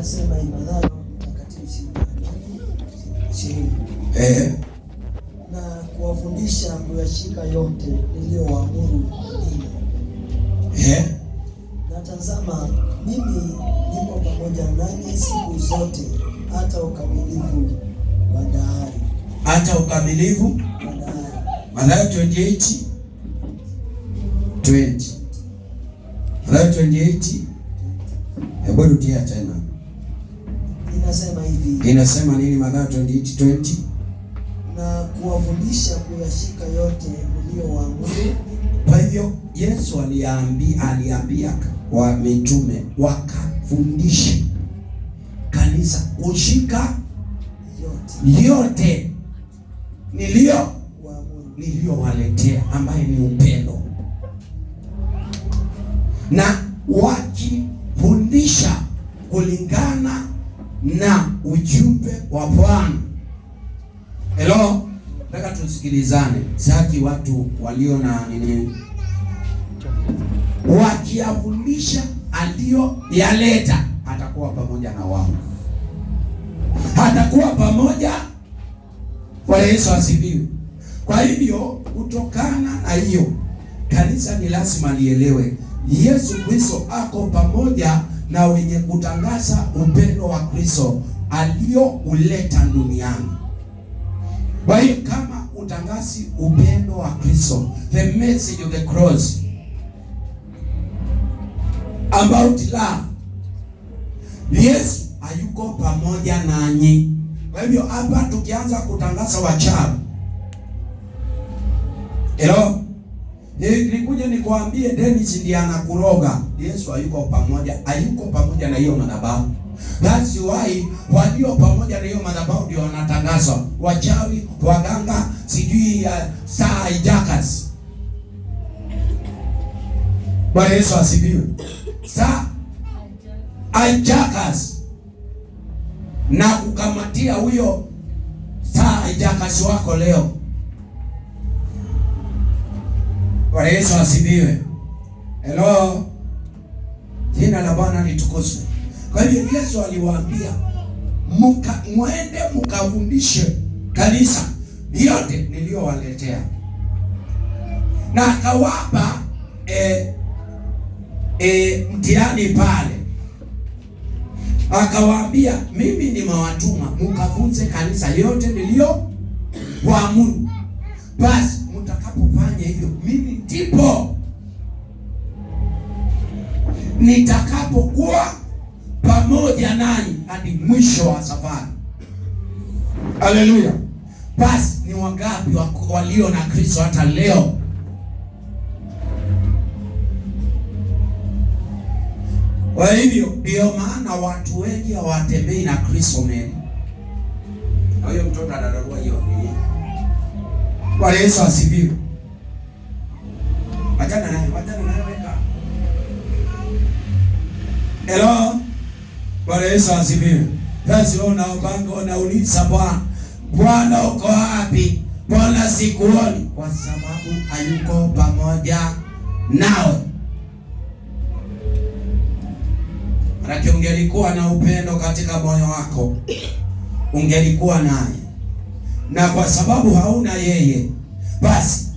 anasema Imadharo Mtakatifu ishirini eh, na kuwafundisha kuyashika yote niliyowaamuru ninyi. Eh, na tazama mimi niko pamoja nanyi siku zote hata ukamilifu wa dahari, hata ukamilifu wa dahari. Mathayo 28 20 Mathayo 28 Hebu rudia tena inasema hivi. Inasema nini Mathayo 28:20? Na kuwafundisha kuyashika yote mliyoamuru. Kwa hivyo Yesu aliambia aliambia wa mitume wakafundishe kanisa kushika yote, yote nilio niliyowaletea ambaye ni upendo na wakifundisha kulingana na ujumbe wa Bwana. Hello, nataka tusikilizane saki watu walio na nini, wakiavulisha yaleta, atakuwa pamoja na wao, atakuwa pamoja. kwa Yesu asifiwe. Kwa hivyo kutokana na hiyo, kanisa ni lazima lielewe Yesu Kristo ako pamoja na wenye kutangaza upendo wa Kristo aliyouleta duniani. Kwa hiyo kama utangazi upendo wa Kristo, the message of the cross about love, Yesu hayuko pamoja nanyi. Kwa hivyo hapa tukianza kutangaza wachawi, hello nilikuja nikuambie Dennis ndiye anakuroga. Yesu hayuko pamoja, hayuko pamoja na hiyo madhabahu. That's why walio pamoja na hiyo madhabahu ndio wanatangazwa wachawi, waganga, sijui ya uh, saa ijakas. Bwana Yesu asifiwe. Saa ijakas na kukamatia huyo saa ijakas wako leo. Bwana Yesu asifiwe. Hello, jina la Bwana litukuzwe. Kwa hivyo Yesu aliwaambia muka mwende mkafundishe kanisa yote niliyowaletea, na akawapa eh, eh, mtihani pale, akawaambia mimi nimewatuma mkafunze kanisa yote niliyowaamuru basi nitakapofanya hivyo, mimi ndipo nitakapokuwa pamoja nanyi hadi mwisho wa safari. Haleluya! Basi ni wangapi walio na Kristo hata leo? Kwa hivyo ndio maana watu wengi hawatembei na Kristo meli. Kwa hiyo mtoto anadarua hiyo Bwana Yesu asifiwe. Achana naye, achana naye weka. Hello. Bwana Yesu asifiwe. Sasa wewe unaomba unauliza Bwana, Bwana uko wapi? Bwana sikuoni kwa sababu hayuko pamoja nawe. Maanake ungelikuwa na upendo katika moyo wako ungelikuwa naye, na kwa sababu hauna yeye basi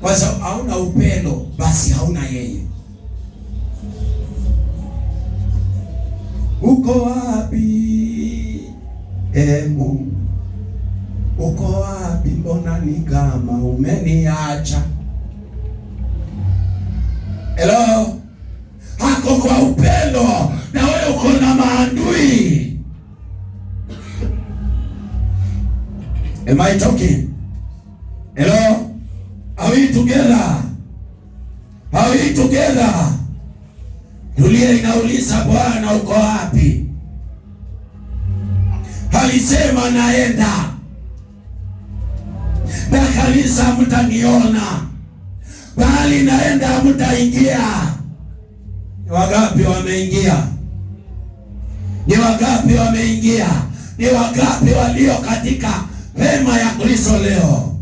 kwa sababu hauna upendo, basi hauna yeye. Uko wapi e Mungu? Uko wapi? Mbona ni kama umeniacha? Hello, hako kwa upendo na wewe uko na maandui. Am I talking? Hello we together? Are we together? Dunia inauliza Bwana uko wapi? Alisema naenda na kanisa, mtaniona bali naenda, mtaingia. Ni wangapi wameingia? Ni wangapi wameingia? Ni wangapi walio katika pema ya Kristo leo?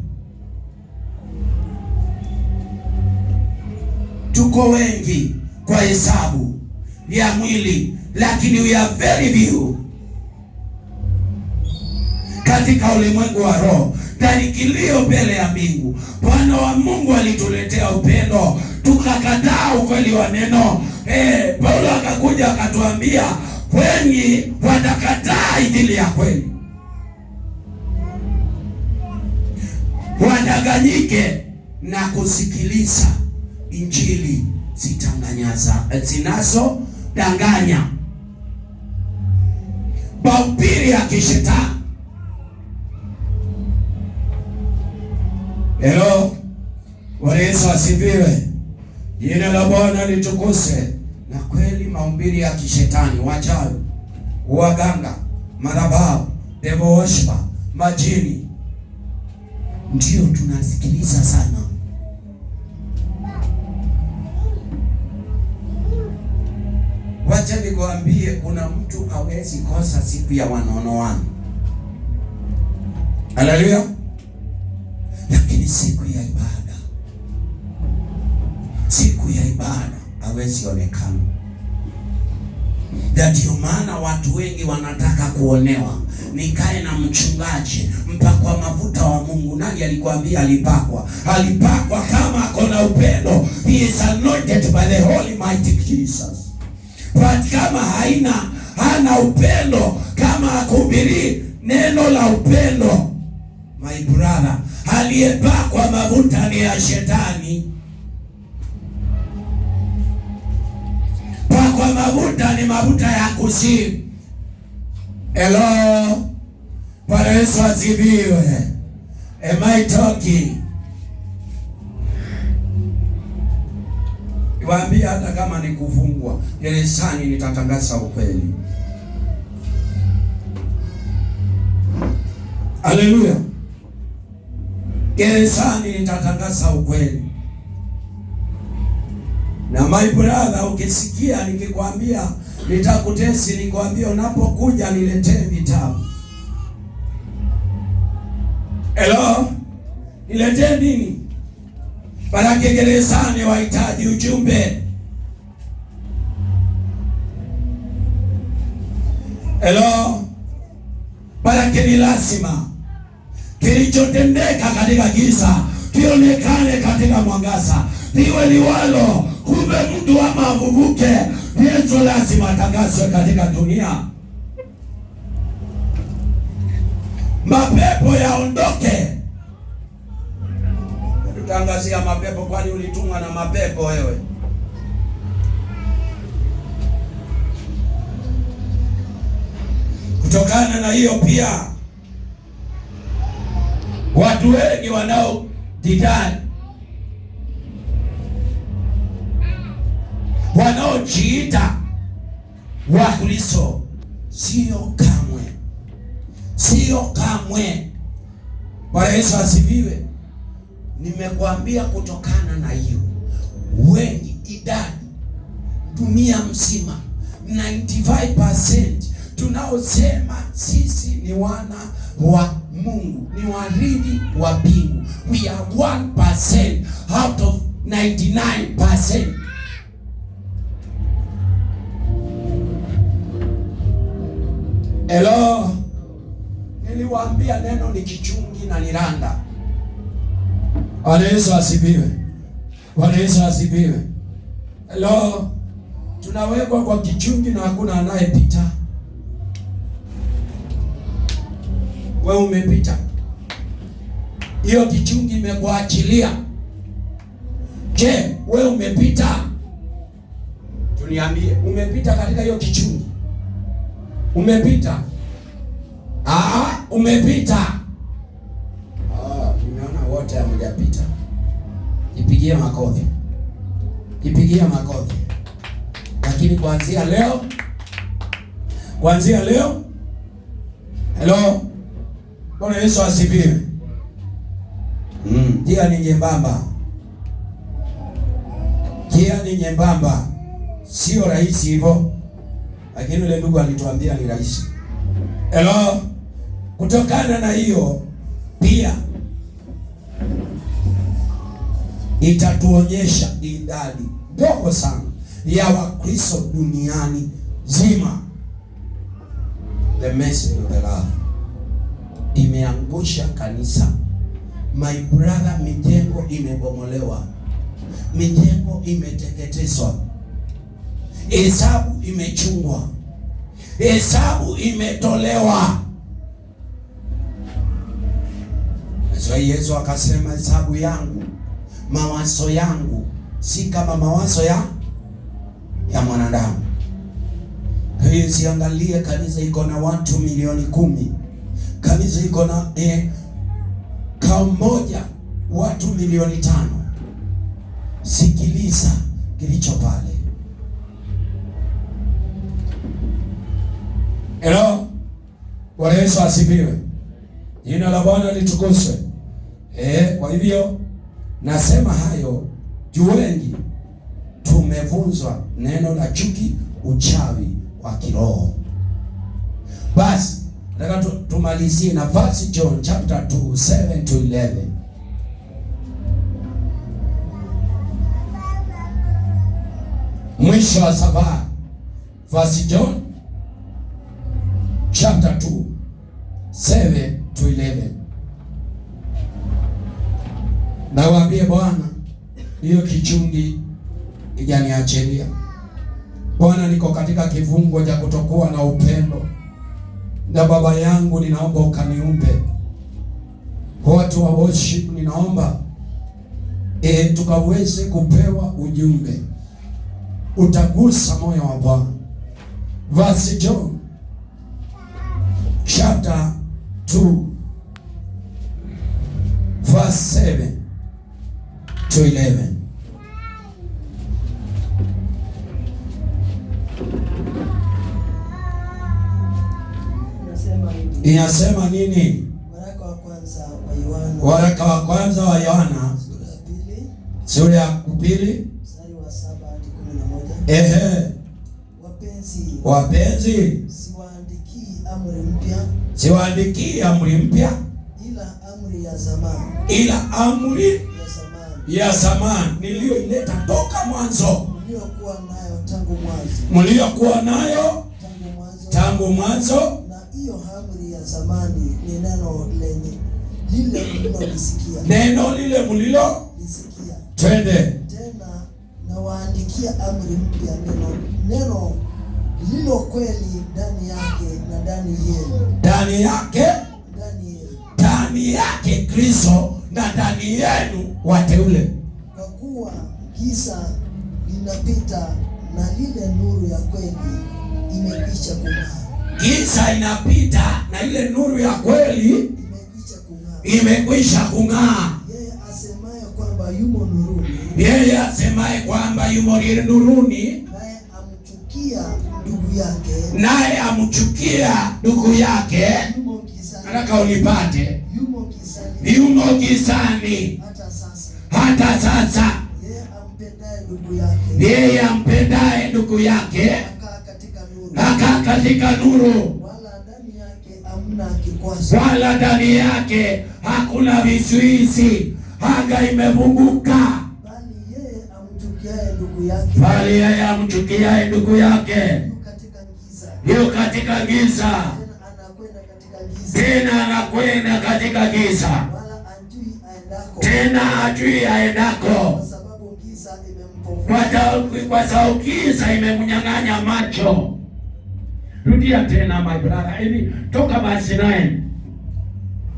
mko wengi kwa hesabu ya mwili, lakini we are very few katika ulimwengu wa roho. Ndani kilio mbele ya mbingu, Bwana wa Mungu alituletea upendo, tukakataa ukweli wa neno. Eh, Paulo akakuja akatuambia wengi watakataa injili ya kweli, wadanganyike na kusikiliza injili zitanganyaza eh, zinazo danganya, mahubiri ya kishetani. Hello, Bwana Yesu asifiwe. Jina la Bwana litukuse. Na kweli mahubiri ya kishetani, wachawi, waganga, madhabahu, devil worshiper, majini, ndiyo tunasikiliza sana acha nikwambie, kuna mtu hawezi kosa siku ya wanono wangu. Haleluya! Lakini siku ya ibada, siku ya ibada hawezi onekana. Ndio maana watu wengi wanataka kuonewa. Nikae na mchungaji mpakwa mafuta wa Mungu. Nani alikwambia alipakwa? Alipakwa kama ako na upendo. He is anointed by the Holy Mighty Jesus kama haina hana upendo, kama akubiri neno la upendo, my brother, aliyepakwa mafuta ni ya shetani. Pakwa mafuta ni mafuta ya kuzimu. Hello, Bwana Yesu Am I talking? Waambie hata kama ni kufungwa gerezani, nitatangaza ukweli. Haleluya! Gerezani nitatangaza ukweli. Na my brother, ukisikia nikikwambia nitakutesi, nikwambia unapokuja niletee vitabu. Hello, niletee nini? Maanake gerezani wahitaji ujumbe. Hello, maanake ni lazima kilichotendeka katika giza kionekane katika mwangaza, liwe liwalo. Kumbe mtu ama avuvuke, Yesu lazima atangazwe katika dunia, mapepo yaondoke kutangazia mapepo, kwani ulitumwa na mapepo wewe? Kutokana na hiyo pia watu wengi wanao wanaojidai, wanaojiita Wakristo sio kamwe, sio kamwe. Bwana Yesu asifiwe nimekuambia kutokana na hiyo, wengi idadi dunia mzima 95% tunaosema sisi ni wana wa Mungu, ni warithi wa mbingu. We are 1% out of 99%. Hello, niliwaambia neno ni kichungi na niranda Bwana Yesu asifiwe. Bwana Yesu Hello. Tunawekwa kwa kichungi na hakuna anayepita. we umepita. Hiyo kichungi imekuachilia. Je, we umepita? Tuniambie, umepita katika hiyo kichungi? Umepita? Ah, umepita. Jipigie makofi, jipigie makofi. Lakini kuanzia leo, kuanzia leo, hello, Bwana Yesu asifiwe. Mm, njia ni nyembamba, njia ni nyembamba, sio rahisi hivyo, lakini yule ndugu alituambia ni rahisi. Hello, kutokana na hiyo pia itatuonyesha idadi ndogo sana ya Wakristo duniani zima. The message of the love imeangusha kanisa. My brother, mijengo imebomolewa, mijengo imeteketezwa, hesabu imechungwa, hesabu imetolewa. Yesu akasema hesabu yangu mawazo yangu si kama mawazo ya ya mwanadamu. Kwa hiyo siangalie kanisa iko na watu milioni kumi, kanisa iko na eh, kao moja watu milioni tano. Sikiliza kilicho pale. Hello, Bwana Yesu asifiwe, jina la Bwana litukuzwe. Eh, kwa hivyo Nasema hayo juu wengi tumevunzwa neno la chuki, uchawi wa kiroho. Basi nataka tumalizie na verse John chapter 2 7 to 11 mwisho wa safari. First John chapter 2 7 to 11 na Bwana, hiyo kichungi ijaniachilia Bwana, niko katika kivungo cha kutokuwa na upendo, na baba yangu, ninaomba ukaniumbe watu wa worship, ninaomba e, tukaweze kupewa ujumbe utagusa moyo wa Bwana. Verse John chapter 2 verse 7 to 11. Inasema nini? Waraka wa kwanza wa Yohana sura ya pili ehe, wapenzi, siwaandikii amri mpya, ila amri ya zamani ya zamani niliyoileta toka mwanzo, mliokuwa nayo tangu mwanzo. Na zamani ni neno lenye lile mlilolisikia, neno lile mlilolisikia. Twende tena, nawaandikia amri mpya, neno neno lilo kweli ndani yake na ndani yenu, ndani yake, ndani yake Kristo na ndani yenu wateule, kwa kuwa giza linapita na lile nuru ya kweli imekwisha kung'aa. Giza inapita na ile nuru ya kweli imekwisha kung'aa. Yeye asemaye kwamba yumo nuruni, yeye asemaye kwamba yumo nuruni, naye amchukia ndugu yake, naye amchukia ndugu yumo gizani hata sasa. Yeye ampendaye ndugu yake akaa katika nuru, wala ndani yake hakuna vizuizi. Anga imefunguka bali yeye amchukiaye ndugu yake yu katika giza, tena anakwenda katika giza tena ajui aendako, kwa sababu giza imemnyang'anya macho. Rudia tena my brother, hivi toka basi naye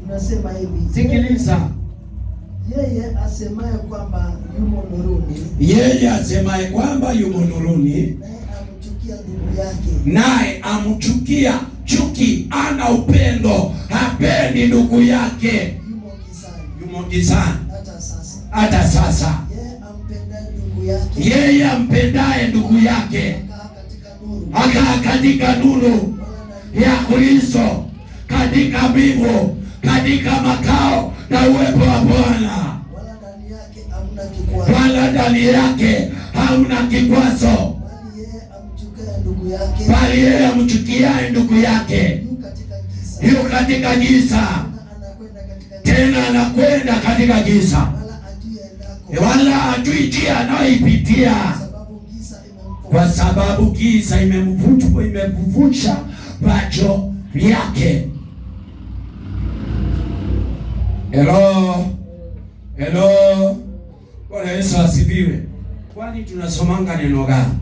unasema hivi, sikiliza yeye asemaye kwamba yumo nuruni, yeye asemaye kwamba yumo nuruni, naye amchukia chuki, ana upendo, hapendi ndugu yake muujiza hata sasa. Yeye ampendaye ndugu yake akaa katika nuru ya Kristo, katika mbingu, katika makao na uwepo wa Bwana, wala ndani yake hamna kikwazo, bali yeye amchukiaye ndugu yake yu katika giza tena anakwenda katika giza, e, wala ajui njia anayoipitia, kwa sababu giza imemvusha macho yake. Hello, hello. Bwana Yesu asifiwe. Kwani tunasomanga neno gani?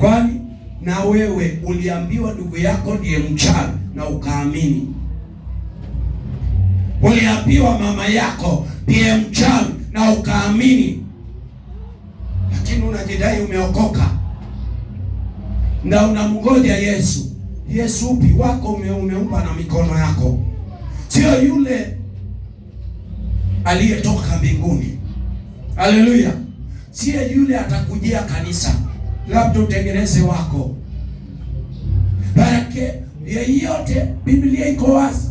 Kwani na wewe uliambiwa ndugu yako ndiye mchawi na ukaamini uliambiwa mama yako ndiye mchawi na ukaamini, lakini unajidai umeokoka na unamngoja Yesu. Yesu upi wako umeumba na mikono yako, sio yule aliyetoka mbinguni. Haleluya! sio yule atakujia kanisa, labda utengeneze wako barake yeyote. Biblia iko wazi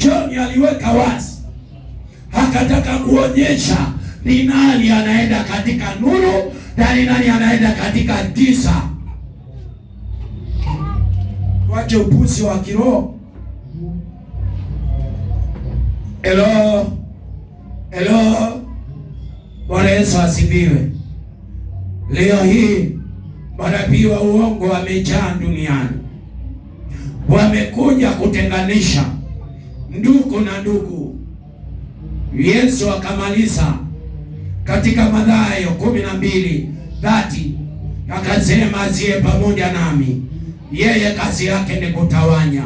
John aliweka wazi, akataka kuonyesha ni nani anaenda katika nuru na ni nani anaenda katika giza. Wache upuzi wa kiroho. Hello, hello. Bwana Yesu asifiwe. Leo hii manabii wa uongo wamejaa duniani, wamekuja kutenganisha ndugu na ndugu. Yesu akamaliza katika Mathayo kumi na mbili dhati akasema, asiye pamoja nami yeye kazi yake ni kutawanya,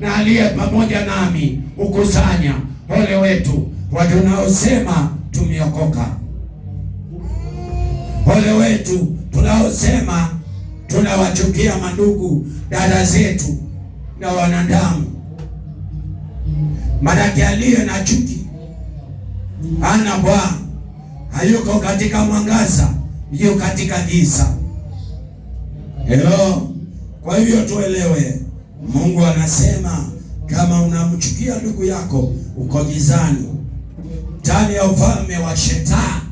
na aliye pamoja nami ukusanya Ole wetu watunaosema tumeokoka, ole wetu tunaosema tunawachukia mandugu, dada zetu na wanadamu maraki aliye na chuki ana Bwana, hayuko katika mwangaza, yuko katika giza. Hello. Kwa hivyo tuelewe, Mungu anasema kama unamchukia ndugu yako uko gizani, ndani ya ufalme wa Shetani.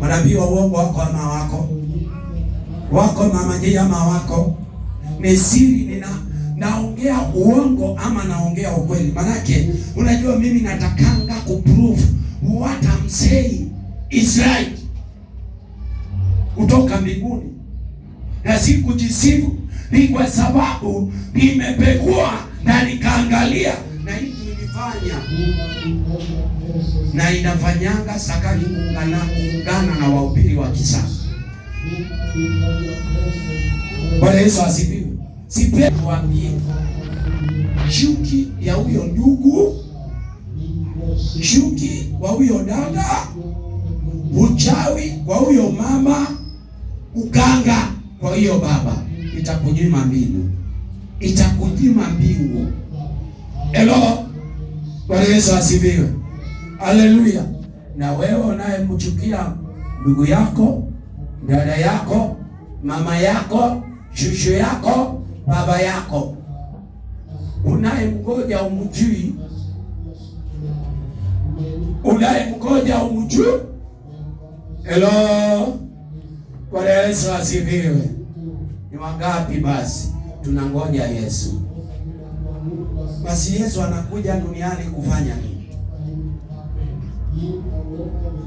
Manabii wa uongo wako ama wako wako mama ama wako ni siri, nina naongea uongo ama naongea ukweli? Manake unajua mimi natakanga kuprove what I'm saying is right kutoka mbinguni, na si kujisifu. Ni kwa sababu nimepekua na nikaangalia, na hii nilifanya na inafanyanga sakali kuungana, kuungana na wahubiri wa kisasa. Bwana Yesu asifiwe. Sipetuambie chuki ya huyo ndugu, chuki kwa huyo dada, uchawi kwa huyo mama, uganga kwa hiyo baba, itakunyima mbingu, itakunyima mbingu. Elo, Bwana Yesu asifiwe, haleluya. Na wewe unayemchukia ndugu yako, dada yako, mama yako, shushu yako baba yako unayemngoja umjui, unayemngoja umjui. Hello, Bwana Yesu asifiwe. Ni wangapi basi tunangoja Yesu? Basi Yesu anakuja duniani kufanya nini?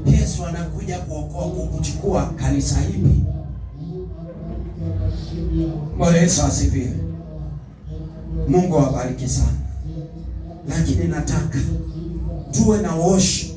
Yesu anakuja kuokoa, kukuchukua kanisa hili Bwana Yesu asifiwe. Mungu awabariki sana, lakini nataka tuwe na woshi